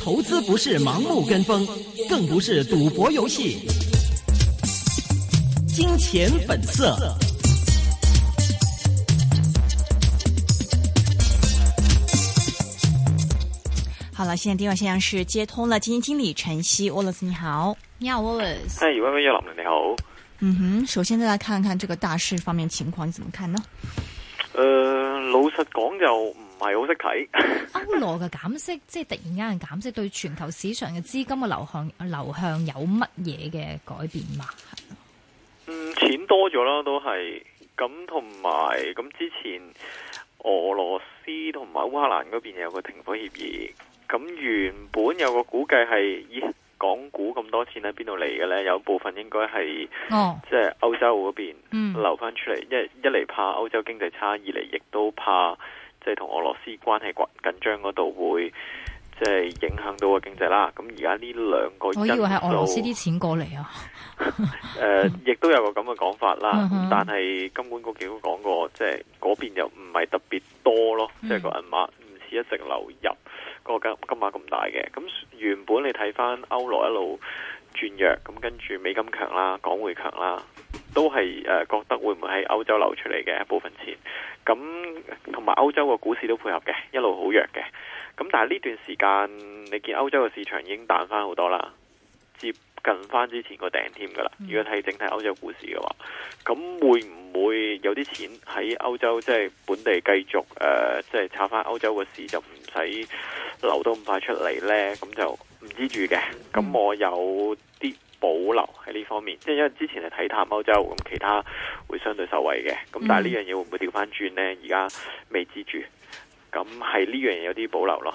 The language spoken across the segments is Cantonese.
投資不是盲目跟風，更不是賭博遊戲。w ano, 金錢本色。好了，現在電話線上是接通了基金、DK、經理陳昕，Wallace 你好，你好 Wallace，嗨微微葉你好，嗯哼，首先再來看看這個大市方面情況，你怎麼看呢？呃，老實講就。.唔係好識睇，歐羅嘅減息， 即係突然間嘅減息，對全球市場嘅資金嘅流向流向有乜嘢嘅改變嘛？嗯，錢多咗啦，都係咁，同埋咁之前俄羅斯同埋烏克蘭嗰邊有個停火協議，咁原本有個估計係，咦、欸，港股咁多錢喺邊度嚟嘅呢？有部分應該係，哦，即係歐洲嗰邊流翻出嚟、嗯，一一嚟怕歐洲經濟差，二嚟亦都怕。即係同俄羅斯關係緊張嗰度會，即係影響到個經濟啦。咁而家呢兩個，我以為係俄羅斯啲錢過嚟啊。誒、 呃，亦都有個咁嘅講法啦。嗯、哼但係金管局都講過，即係嗰邊又唔係特別多咯。即係、嗯、個銀碼唔似一直流入嗰、那個金金碼咁大嘅。咁原本你睇翻歐羅一路轉弱，咁跟住美金強啦，港匯強啦。都係、呃、覺得會唔會喺歐洲流出嚟嘅一部分錢？咁同埋歐洲個股市都配合嘅，一路好弱嘅。咁但係呢段時間，你見歐洲嘅市場已經彈翻好多啦，接近翻之前個頂添噶啦。如果睇整體歐洲股市嘅話，咁會唔會有啲錢喺歐洲即係、誒、本地繼續即係炒翻歐洲嘅市就唔使流到咁快出嚟呢？咁就唔知住嘅。咁我有啲。保留喺呢方面，即係因為之前係睇淡歐洲，咁其他會相對受惠嘅。咁但係呢樣嘢會唔會調返轉咧？而家未知住。咁係呢樣嘢有啲保留咯。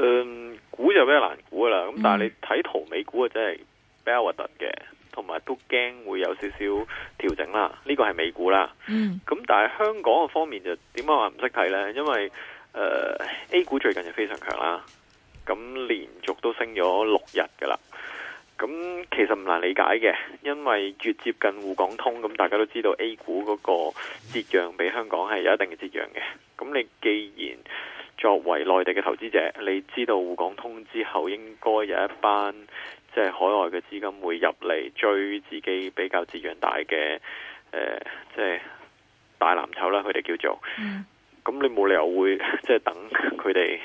嗯，估就比較難估啦，咁但係你睇圖美股啊，真係比較核突嘅，同埋都驚會有少少調整啦。呢、這個係美股啦，咁、嗯嗯、但係香港嘅方面就點解話唔識睇呢？因為誒、呃、A 股最近就非常強啦，咁連續都升咗六日噶啦，咁其實唔難理解嘅，因為越接近滬港通，咁大家都知道 A 股嗰個折讓比香港係有一定嘅折讓嘅，咁你既然作為內地嘅投資者，你知道滬港通之後應該有一班即係、就是、海外嘅資金會入嚟追自己比較資源大嘅誒，即、呃、係、就是、大藍籌啦，佢哋叫做。嗯、mm。咁、hmm. 你冇理由會即係、就是、等佢哋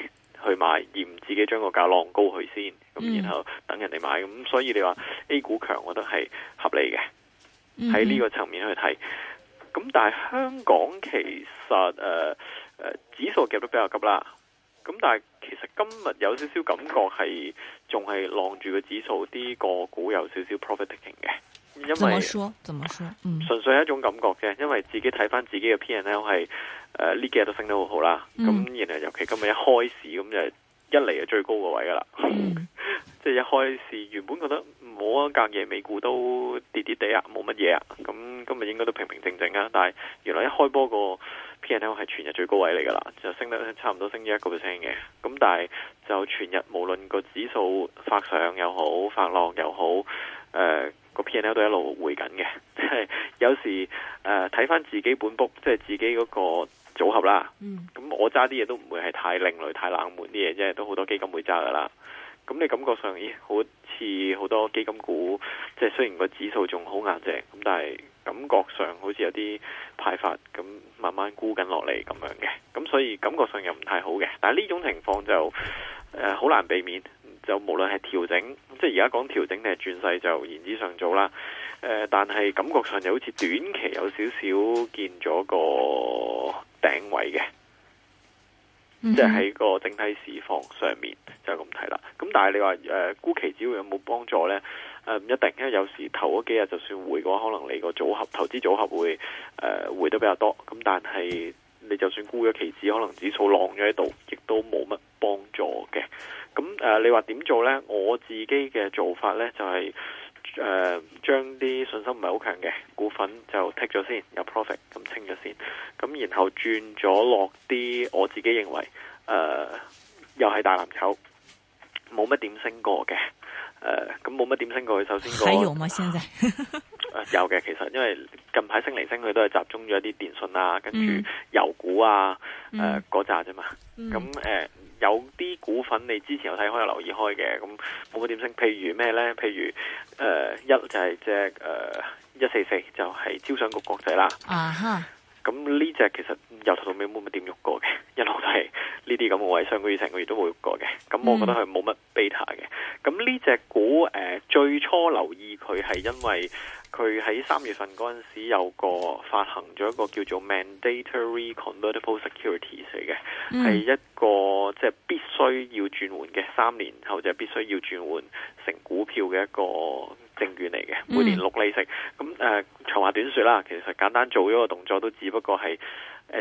去買，而唔自己將個價浪高去先，咁然後等人哋買。咁、mm hmm. 所以你話 A 股強，我覺得係合理嘅。喺呢個層面去睇，咁但係香港其實誒誒。呃呃個腳都比較急啦，咁但係其實今日有少少感覺係仲係浪住個指數，啲個股有少少 profiting 嘅。因為怎說怎麼說，純粹係一種感覺嘅，因為自己睇翻自己嘅 PnL 係誒呢幾日都升得好好啦，咁、嗯、然後尤其今日一開市咁就係一嚟就最高個位噶啦，即係、嗯、 一開市原本覺得冇啊，隔夜美股都跌跌地啊，冇乜嘢啊，咁今日應該都平平靜靜啊，但係原來一開波、個。P&L 係全日最高位嚟噶啦，就升得差唔多升咗一個 percent 嘅。咁但係就全日無論個指數發上又好發浪又好，誒個 P&L 都一路回緊嘅。即係有時誒睇翻自己本簿，即係自己嗰個組合啦。咁、嗯、我揸啲嘢都唔會係太另類、太冷門啲嘢，即係都好多基金會揸噶啦。咁你感覺上，咦、欸？好似好多基金股，即係雖然個指數仲好硬淨，咁但係感覺上好似有啲派發咁。慢慢沽緊落嚟咁樣嘅，咁所以感覺上又唔太好嘅。但係呢種情況就誒好、呃、難避免，就無論係調整，即係而家講調整定係轉勢，就言之尚早啦。誒、呃，但係感覺上又好似短期有少少見咗個頂位嘅，即係喺個整體市況上面就咁睇啦。咁但係你話誒、呃、沽期指會有冇幫助呢？誒，唔一定，因為有時頭嗰幾日就算回嘅話，可能你個組合投資組合會誒、呃、回得比較多。咁但係你就算沽咗期指，可能指數浪咗喺度，亦都冇乜幫助嘅。咁誒、呃，你話點做呢？我自己嘅做法呢，就係、是、誒，將、呃、啲信心唔係好強嘅股份就剔咗先 take，有 profit 咁清咗先。咁然後轉咗落啲我自己認為誒、呃，又係大藍籌，冇乜點升過嘅。誒，咁冇乜點升過去，首先、那個。還有嗎？ 呃、有嘅，其實，因為近排升嚟，升去都係集中咗啲電信啊，跟住油股啊，誒嗰扎啫嘛。咁誒、嗯呃，有啲股份你之前有睇開，有留意開嘅，咁冇乜點升。譬如咩呢？譬如誒、呃，一就係隻誒，一四四就係招商局國際啦。啊哈咁呢隻其實由頭到尾冇乜點喐過嘅，一路都係呢啲咁嘅位，上個月成個月都冇喐過嘅。咁我覺得佢冇乜 beta 嘅。咁呢隻股誒最初留意佢係因為。佢喺三月份嗰陣時有個發行咗一個叫做 mandatory convertible securities 嚟嘅，係、嗯、一個即係必須要轉換嘅三年，後就必須要轉換成股票嘅一個證券嚟嘅，每年六釐息。咁誒、嗯呃、長話短說啦，其實簡單做咗個動作都只不過係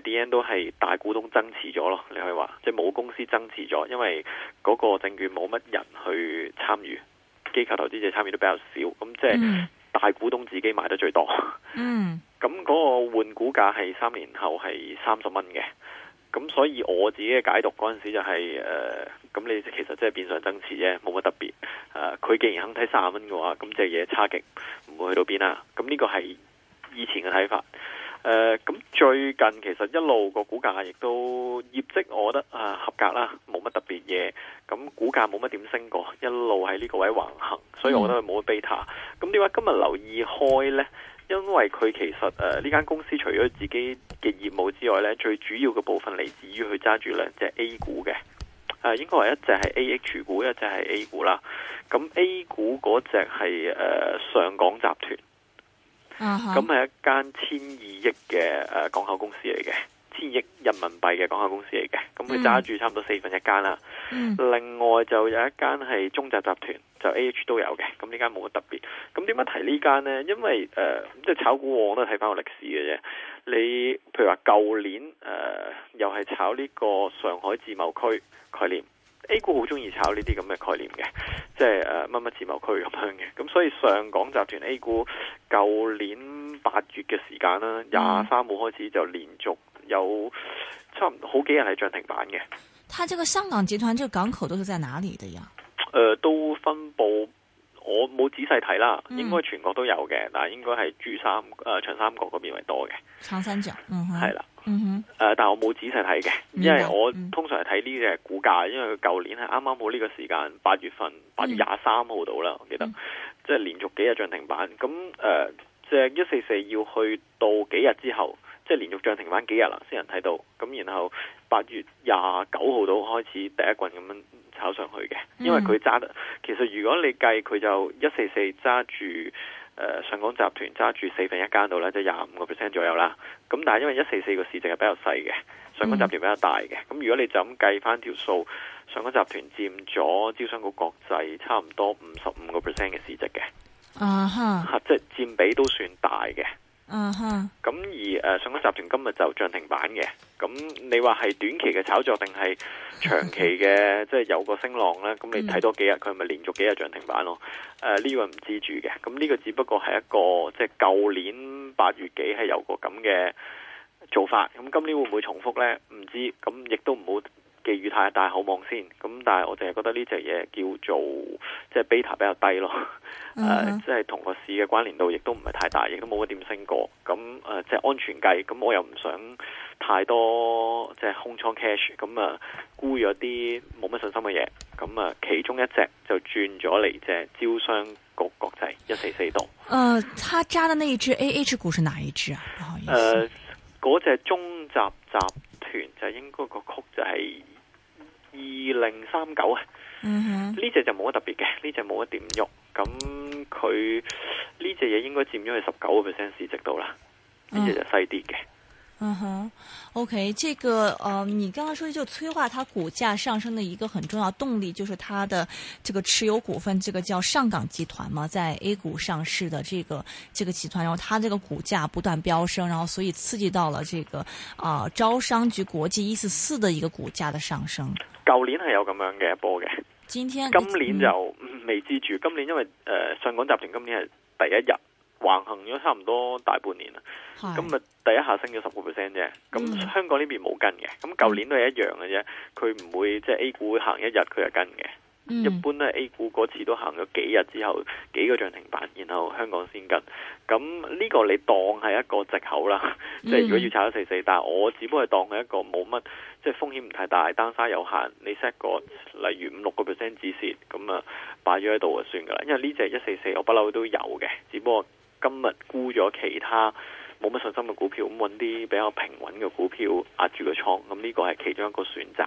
d n 都係大股東增持咗咯。你可以話，即係冇公司增持咗，因為嗰個證券冇乜人去參與，機構投資者參與都比較少。咁即係。嗯大股東自己買得最多，嗯，咁嗰個換股價係三年後係三十蚊嘅，咁所以我自己嘅解讀嗰陣時就係、是、誒，咁、呃、你其實真係變相增持啫，冇乜特別。誒、呃，佢既然肯睇三十蚊嘅話，咁隻嘢差極，唔會去到邊啦。咁呢個係以前嘅睇法。誒，咁、呃、最近其實一路個股價亦都業績，我覺得啊合格啦，冇乜特別嘢。咁股價冇乜點升過，一路喺呢個位橫行，所以我覺得佢冇乜 beta。咁點解今日留意開呢？因為佢其實誒呢間公司除咗自己嘅業務之外呢，最主要嘅部分嚟自於佢揸住兩隻 A 股嘅。啊、呃，應該話，一隻係 AH 股，一隻係 A 股啦。咁 A 股嗰隻係誒上港集團。咁係、uh huh. 一間千二億嘅誒港口公司嚟嘅，千億人民幣嘅港口公司嚟嘅，咁佢揸住差唔多四分一間啦。Uh huh. 另外就有一間係中集集團，就 A H 都有嘅，咁呢間冇乜特別。咁點解提呢間呢？因為誒，即、呃、係、就是、炒股我,我都睇翻個歷史嘅啫。你譬如話舊年誒、呃，又係炒呢個上海自貿區概念。A 股好中意炒呢啲咁嘅概念嘅，即係誒乜乜自貿區咁樣嘅，咁所以上港集團 A 股舊年八月嘅時間啦，廿三號開始就連續有差唔多好幾日係漲停板嘅。它這個香港集團，這個港口都是在哪裡的呀？誒、呃，都分布，我冇仔細睇啦，應該全國都有嘅，但應該係珠三角誒、呃、長三角嗰邊係多嘅。長三角，嗯，係啦。嗯、mm hmm. 呃、但係我冇仔細睇嘅，因為我通常係睇呢隻股價，mm hmm. 因為佢舊年係啱啱好呢個時間，八月份八月廿三號到啦，mm hmm. 我記得，即係連續幾日漲停板，咁誒，隻一四四要去到幾日之後，即係連續漲停板幾日啦，先人睇到，咁然後八月廿九號到開始第一棍咁樣炒上去嘅，因為佢揸得，其實如果你計佢就一四四揸住。誒、uh，上港集團揸住四分一間度咧，即係廿五個 percent 左右啦。咁但係因為一四四個市值係比較細嘅，mm.，上港集團比較大嘅。咁如果你就咁計翻條數，上港集團占咗招商局國際差唔多五十五個 percent 嘅市值嘅。啊哈、uh-huh. 即係占比都算大嘅。嗯哼，咁、uh huh. 而誒上一集團今日就漲停板嘅，咁你話係短期嘅炒作定係長期嘅，uh huh. 即係有個升浪咧？咁你睇多幾日，佢係咪連續幾日漲停板咯？誒呢位唔知住嘅，咁呢個只不過係一個即係舊年八月幾係有個咁嘅做法，咁今年會唔會重複咧？唔知，咁亦都唔好。寄語太大好望先，咁但係我淨係覺得呢隻嘢叫做即係、就是、beta 比較低咯，誒即係同個市嘅關聯度亦都唔係太大，亦都冇乜點升過，咁誒即係安全計，咁、嗯、我又唔想太多即係、就是、空倉 cash，咁、嗯、啊、呃、沽咗啲冇乜信心嘅嘢，咁、嗯、啊其中一隻就轉咗嚟隻招商局國際、uh, 一四四度。誒，他揸嘅呢一隻 AH 股是哪一隻啊？誒，嗰、呃、隻中集集團就應該個曲就係、是。二零三九啊，呢隻、uh huh. 就冇乜特別嘅，呢隻冇乜點喐，咁佢呢隻嘢應該佔咗係十九個 percent 市值度啦，呢隻就細啲嘅。嗯哼、uh huh.，OK，這個，呃，你剛剛說就催化它股價上升的一個很重要動力，就是它的這個持有股份，這個叫上港集團嘛，在 A 股上市的這個這個集團，然後它這個股價不斷飆升，然後所以刺激到了這個啊、呃、招商局國際一四四的一個股價的上升。舊年係有咁樣嘅一波嘅，今，天今年就、嗯嗯、未知住。今年因為誒、呃，上港集團今年係第一日橫行咗差唔多大半年啦，咁啊的第一下升咗十個 percent 啫。咁香港呢邊冇跟嘅，咁舊、嗯、年都係一樣嘅啫。佢唔會即係、就是、A 股，行一日，佢就跟嘅。Mm. 一般咧 A 股嗰次都行咗幾日之後幾個漲停板，然後香港先跟。咁呢個你當係一個借口啦，即係如果要炒一四四，但係我只不過係當係一個冇乜，即係風險唔太大，單沙有限，你 set 個例如五六個 percent 止蝕，咁啊擺咗喺度就算噶啦。因為呢隻一四四我不嬲都有嘅，只不過我今日沽咗其他冇乜信心嘅股票，咁搵啲比較平穩嘅股票壓住個倉，咁呢個係其中一個選擇。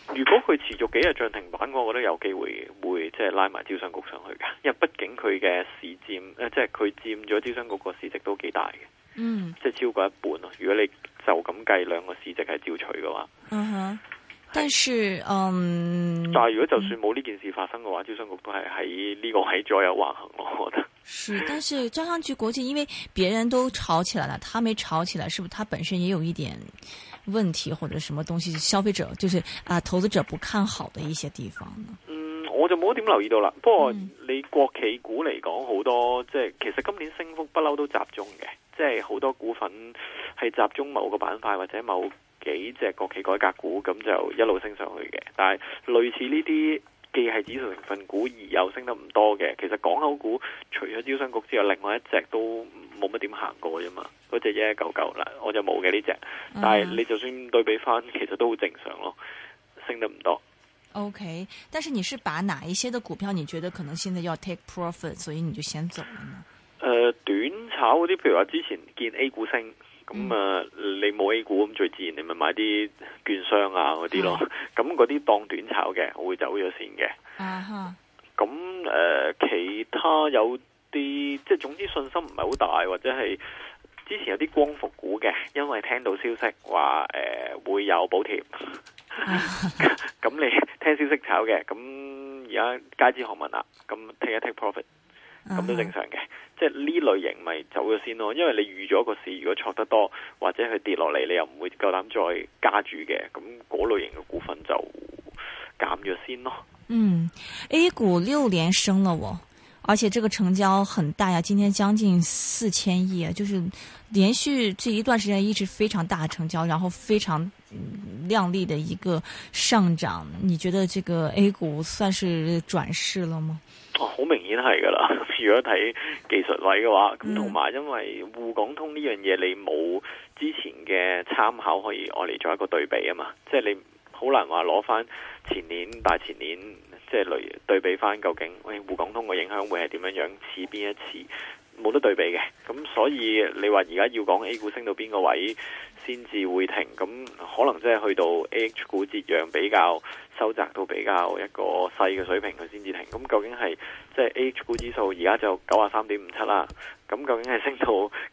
如果佢持續幾日漲停板，我我覺得有機會會，會即係拉埋招商局上去㗎，因為畢竟佢嘅市占誒，即係佢佔咗招商局個市值都幾大嘅，嗯，即係超過一半咯。如果你就咁計兩個市值係照取嘅話，嗯哼。但是，是嗯，但係如果就算冇呢件事發生嘅話，招商局都係喺呢個位左右橫行咯。我覺得是，但是招商局國際因為別人都炒起來了，他沒炒起來，是不是他本身也有一點？問題或者什麼東西，消費者就是啊，投資者不看好的一些地方呢？嗯，我就冇點留意到啦。不過你國企股嚟講，好多即係其實今年升幅不嬲都集中嘅，即係好多股份係集中某個板塊或者某幾隻國企改革股，咁就一路升上去嘅。但係類似呢啲既係指數成分股，而又升得唔多嘅，其實港口股除咗招商局之外，另外一隻都。冇乜點行過啫嘛，嗰隻一一九九嗱，我就冇嘅呢隻。但係你就算對比翻，其實都好正常咯，升得唔多。OK，但是你是把哪一些的股票你覺得可能現在要 take profit，所以你就先走咗呢？誒、呃，短炒嗰啲，譬如話之前見 A 股升，咁啊、嗯呃、你冇 A 股咁最自然，你咪買啲券商啊嗰啲咯。咁嗰啲當短炒嘅，我會走咗先嘅。咁誒、啊哈呃，其他有。啲即係總之信心唔係好大，或者係之前有啲光伏股嘅，因為聽到消息話誒、呃、會有補貼，咁、uh huh. 你聽消息炒嘅，咁而家街知巷聞啦，咁聽一聽 profit，咁都正常嘅，uh huh. 即係呢類型咪走咗先咯，因為你預咗個市，如果錯得多或者佢跌落嚟，你又唔會夠膽再加注嘅，咁嗰類型嘅股份就減咗先咯。嗯，A 股六連升啦，喎。而且這個成交很大呀，啊，今天將近四千億啊，就是連續這一段時間一直非常大成交，然後非常靚麗的一個上漲。你覺得這個 A 股算是轉勢了嗎？好，啊，明顯係噶啦，如果睇技術位嘅話，咁同埋因為滬港通呢樣嘢你冇之前嘅參考可以我嚟做一個對比啊嘛，即係你好難話攞翻前年、大前年。即係類對比翻，究竟喂滬港通個影響會係點樣樣？似邊一次冇得對比嘅。咁所以你話而家要講 A 股升到邊個位先至會停？咁可能即係去到 AH 股折讓比較收窄到比較一個細嘅水平，佢先至停。咁究竟係即係 AH 股指數而家就九啊三點五七啦。咁究竟係升到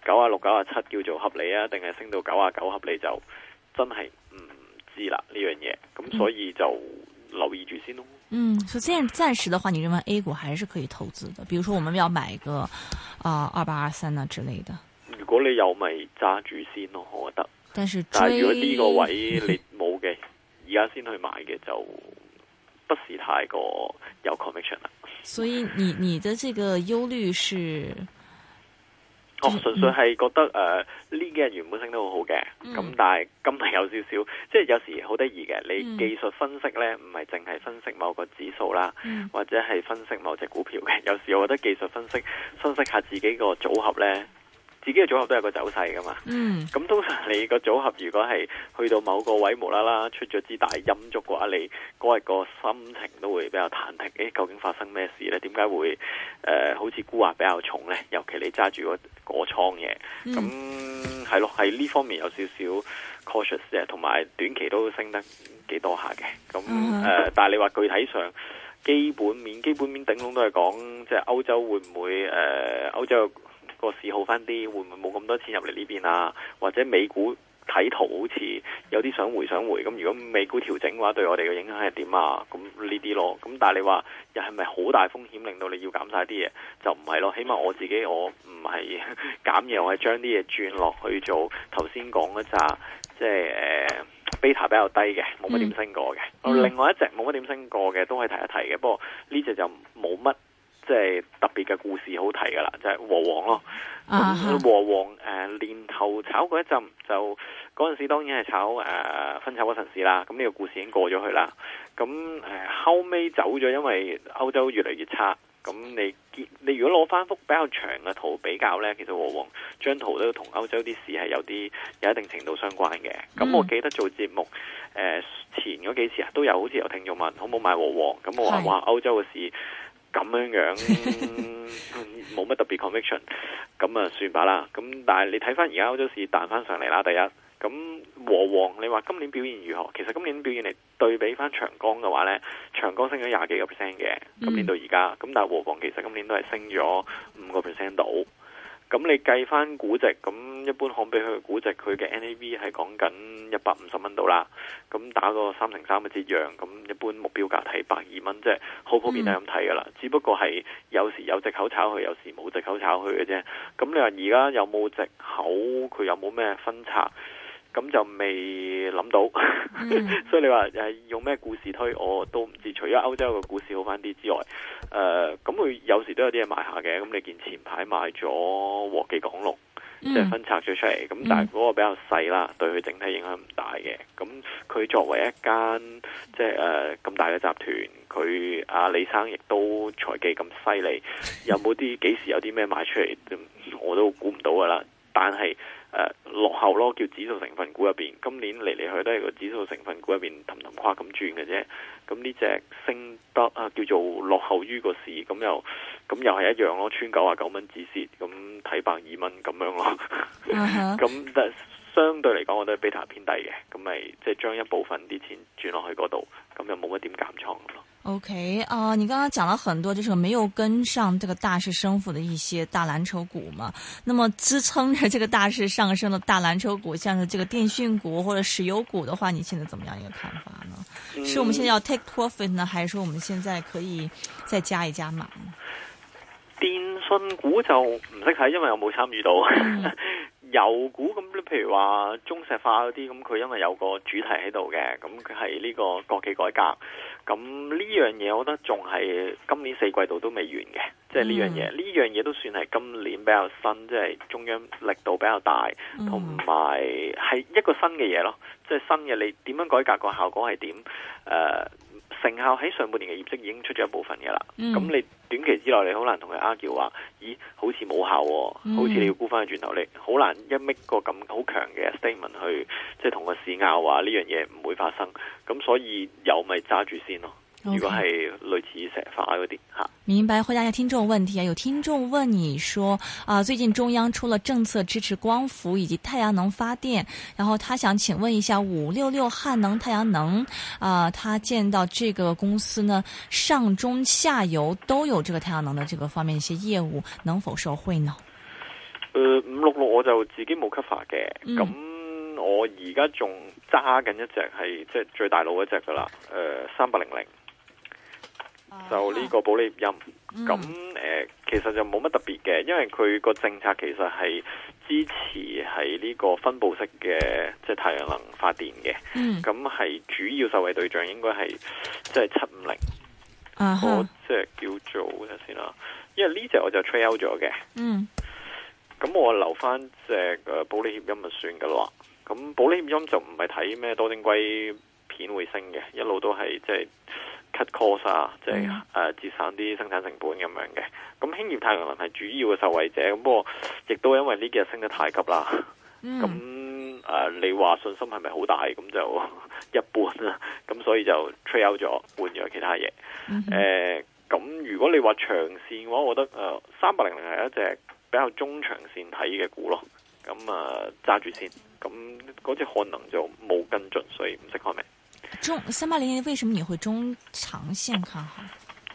九啊六、九啊七叫做合理啊？定係升到九啊九合理就真係唔知啦呢樣嘢。咁、這個、所以就。留意住先咯。嗯，所以暫時的話，你認為 A 股還是可以投資的。比如說，我們要買個啊二八二三啊之類的。如果你有咪揸住先咯，我覺得可。但是、追、但係如果呢個位你冇嘅，而家先去買嘅就不是太過有 conviction 啦。所以你你的這個憂慮是。哦，純粹係覺得誒，呢幾日原本升得好好嘅，咁、mm hmm. 但係今日有少少，即係有時好得意嘅。你技術分析呢，唔係淨係分析某個指數啦，mm hmm. 或者係分析某隻股票嘅。有時我覺得技術分析，分析下自己個組合呢。自己嘅組合都有一個走勢噶嘛，咁、嗯、通常你個組合如果係去到某個位無啦啦出咗支大陰燭嘅話，你嗰日個心情都會比較忐忑。誒，究竟發生咩事咧？點解會誒、呃、好似沽壓比較重咧？尤其你揸住個個倉嘅，咁係咯，喺呢方面有少少 cautious 啫。同埋短期都升得幾多下嘅，咁誒，呃嗯、但係你話具體上基本面基本面頂籠都係講，即係歐洲會唔會誒、呃、歐洲？個市好翻啲，會唔會冇咁多錢入嚟呢邊啊？或者美股睇圖好似有啲想回想回，咁如果美股調整嘅話，對我哋嘅影響係點啊？咁呢啲咯，咁但係你話又係咪好大風險，令到你要減晒啲嘢？就唔係咯，起碼我自己我唔係減嘢，我係將啲嘢轉落去做。頭先講嗰扎即係誒，beta 比較低嘅，冇乜點升過嘅。嗯、另外一隻冇乜點升過嘅，都可以提一提嘅。不過呢隻就冇乜。即係特別嘅故事好睇噶啦，就係、是、和黃咯。Uh huh. 和黃誒、呃，年頭炒過一陣，就嗰陣時當然係炒誒、呃、分炒嗰陣時啦。咁、嗯、呢、這個故事已經過咗去啦。咁、嗯、誒後尾走咗，因為歐洲越嚟越差。咁、嗯、你見你如果攞翻幅比較長嘅圖比較咧，其實和黃張圖都同歐洲啲事係有啲有一定程度相關嘅。咁、嗯、我記得做節目誒、呃、前嗰幾次啊，都有好似有聽眾問好唔好買和黃，咁我話話歐洲嘅事。咁樣 樣，冇、嗯、乜特別 conviction，咁啊算罷啦。咁但係你睇翻而家歐洲市彈翻上嚟啦，第一，咁和黃，你話今年表現如何？其實今年表現嚟對比翻長江嘅話呢，長江升咗廿幾個 percent 嘅，今年到而家，咁但係和黃其實今年都係升咗五個 percent 度。咁你計翻估值，咁一般可比佢估值，佢嘅 NAV 係講緊一百五十蚊度啦。咁打個三成三嘅折讓，咁一般目標價睇百二蚊，即係好普遍都係咁睇噶啦。嗯、只不過係有時有藉口炒佢，有時冇藉口炒佢嘅啫。咁你話而家有冇藉口？佢有冇咩分拆？咁就未諗到、嗯， 所以你話誒用咩故事推我都唔知。除咗歐洲個股市好翻啲之外，誒咁佢有時都有啲嘢賣下嘅。咁你見前排賣咗和記港陸，即係、嗯、分拆咗出嚟。咁但係嗰個比較細啦，嗯、對佢整體影響唔大嘅。咁佢作為一間即係誒咁大嘅集團，佢阿李生亦都財技咁犀利，有冇啲幾時有啲咩賣出嚟，我都估唔到噶啦。但係。誒、呃，落後咯，叫指數成分股入邊，今年嚟嚟去都係個指數成分股入邊氹氹跨咁轉嘅啫。咁呢隻升得啊，叫做落後於個市，咁又咁又係一樣咯，穿九啊九蚊止蝕，咁睇百二蚊咁樣咯。嗯哼，咁但。相對嚟講，我都係 beta 偏低嘅，咁咪即係將一部分啲錢轉落去嗰度，咁又冇乜點減倉咯。O K，啊，你剛剛講了很多，就是沒有跟上這個大市升幅的一些大藍籌股嘛。那麼支撐着這個大市上升的大藍籌股，像是這個電訊股或者石油股的話，你現在怎麼樣一個看法呢？嗯、是我們現在要 take profit 呢，還是說我們現在可以再加一加碼？電訊股就唔識睇，因為我冇參與到。 油股咁，譬如話中石化嗰啲，咁佢因為有個主題喺度嘅，咁佢係呢個國企改革，咁呢樣嘢我覺得仲係今年四季度都未完嘅，即係呢樣嘢，呢樣嘢都算係今年比較新，即係中央力度比較大，同埋係一個新嘅嘢咯，即係新嘅你點樣改革個效果係點誒。呃成效喺上半年嘅業績已經出咗一部分嘅啦，咁、嗯、你短期之內你好難同佢 argue 話，咦，好似冇效、哦，好似你要估翻個轉頭，你好難一搣個咁好強嘅 statement 去，即係同佢試拗話呢樣嘢唔會發生，咁所以有咪揸住先咯。如果係類似石化嗰啲吓，明白。回答一下聽眾問題啊，有聽眾問你說啊，最近中央出了政策支持光伏以及太陽能發電，然後他想請問一下五六六漢能太陽能啊，他見到這個公司呢上中下游都有這個太陽能的這個方面一些業務，能否受惠呢？呃，五六六我就自己冇 cover 嘅，咁、嗯、我而家仲揸緊一隻係即係最大佬一隻噶啦，誒、呃，三百零零。就呢個保利協鑫，咁誒、uh huh. 呃，其實就冇乜特別嘅，因為佢個政策其實係支持係呢個分布式嘅，即、就、係、是、太陽能發電嘅。咁係、uh huh. 主要受惠對象應該係、就是 uh huh. 即係七五零。啊即係叫做睇先啦，因為呢隻我就 trail 咗嘅。嗯、uh，咁、huh. 我留翻隻誒保利協鑫咪算噶啦。咁保利協鑫就唔係睇咩多晶硅片會升嘅，一路都係即係。就是 cut cost 啊，即係誒節省啲生產成本咁樣嘅。咁興業太陽能係主要嘅受惠者，咁不過亦都因為呢幾日升得太急啦。咁誒、嗯呃，你話信心係咪好大？咁就一般啦。咁所以就吹 out 咗，換咗其他嘢。誒、嗯哼，咁、呃、如果你話長線嘅話，我覺得誒三百零零係一隻比較中長線睇嘅股咯。咁啊揸住先。咁嗰隻漢能就冇跟進，所以唔識開咩。中三八零零為什麼你會中長線看好？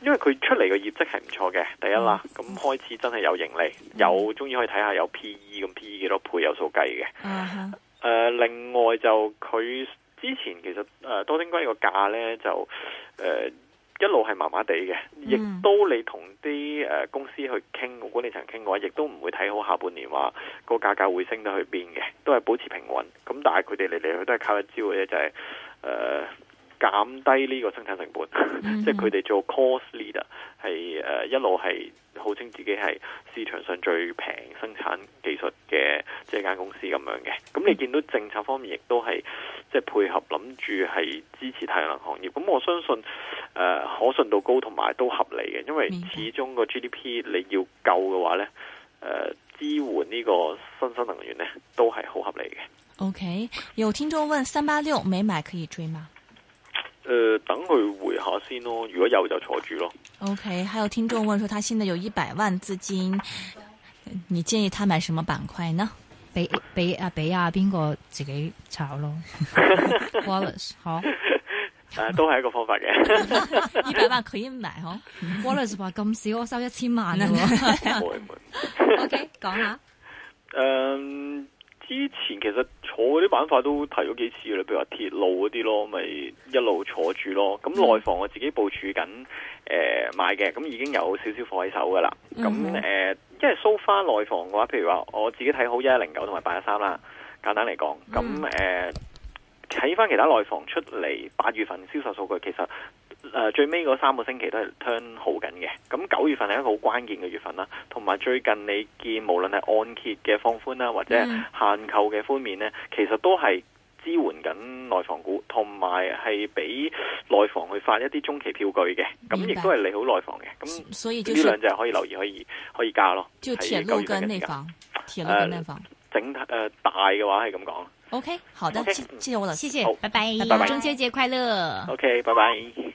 因為佢出嚟嘅業績係唔錯嘅，第一啦，咁、嗯、開始真係有盈利，有終於可以睇下有 P E 咁 P E 幾多倍有數計嘅。誒、啊哈呃，另外就佢之前其實誒、呃、多晶硅個價呢，就誒、呃、一路係麻麻地嘅，亦、嗯、都你同啲誒公司去傾，管理層傾嘅話，亦都唔會睇好下半年話個價格會升得去邊嘅，都係保持平穩。咁但係佢哋嚟嚟去都係靠一招嘅啫就係、是。誒，減、呃、低呢個生產成本，mm hmm. 即係佢哋做 cost leader，係誒、呃、一路係號稱自己係市場上最平生產技術嘅即係間公司咁樣嘅。咁、mm hmm. 你見到政策方面亦都係即係配合諗住係支持太陽能行業。咁我相信誒、呃、可信度高同埋都合理嘅，因為始終個 GDP 你要夠嘅話呢，誒、呃、支援呢個新新能源呢，都係好合理嘅。OK，有聽眾問三八六沒買可以追嗎？誒、呃，等佢回下先咯，如果有就坐住咯。OK，還有聽眾問說，他現在有一百萬資金，你建議他買什麼板塊呢？俾俾阿俾阿邊個自己炒咯。Wallace 好，誒，都係一個方法嘅。一 百 萬可以買嗬？Wallace 話咁少我收一千萬啊？唔 o k 講下。嗯。Um, 之前其實坐嗰啲板塊都提咗幾次，你譬如話鐵路嗰啲咯，咪一路坐住咯。咁內房我自己部署緊誒、呃、買嘅，咁已經有少少貨喺手噶啦。咁誒、mm hmm. 呃，因為 so far 內房嘅話，譬如話我自己睇好一一零九同埋八一三啦，簡單嚟講。咁誒、mm hmm. 睇翻、呃、其他內房出嚟八月份銷售數據，其實。誒、呃，最尾嗰三個星期都係 turn 好緊嘅。咁九月份係一個好關鍵嘅月份啦。同埋最近你見無論係按揭嘅放寬啦，或者限購嘅寬免呢，其實都係支援緊內房股，同埋係俾內房去發一啲中期票據嘅。明白。咁亦都係利好內房嘅。咁所以呢兩隻可以留意，可以可以加咯。就鐵路跟內房，月份鐵路跟內房、呃、整誒、呃、大嘅話係咁講。O、okay, K，好的，okay, 謝謝我老，謝謝，拜拜，拜拜，中秋節快樂。O K，拜拜。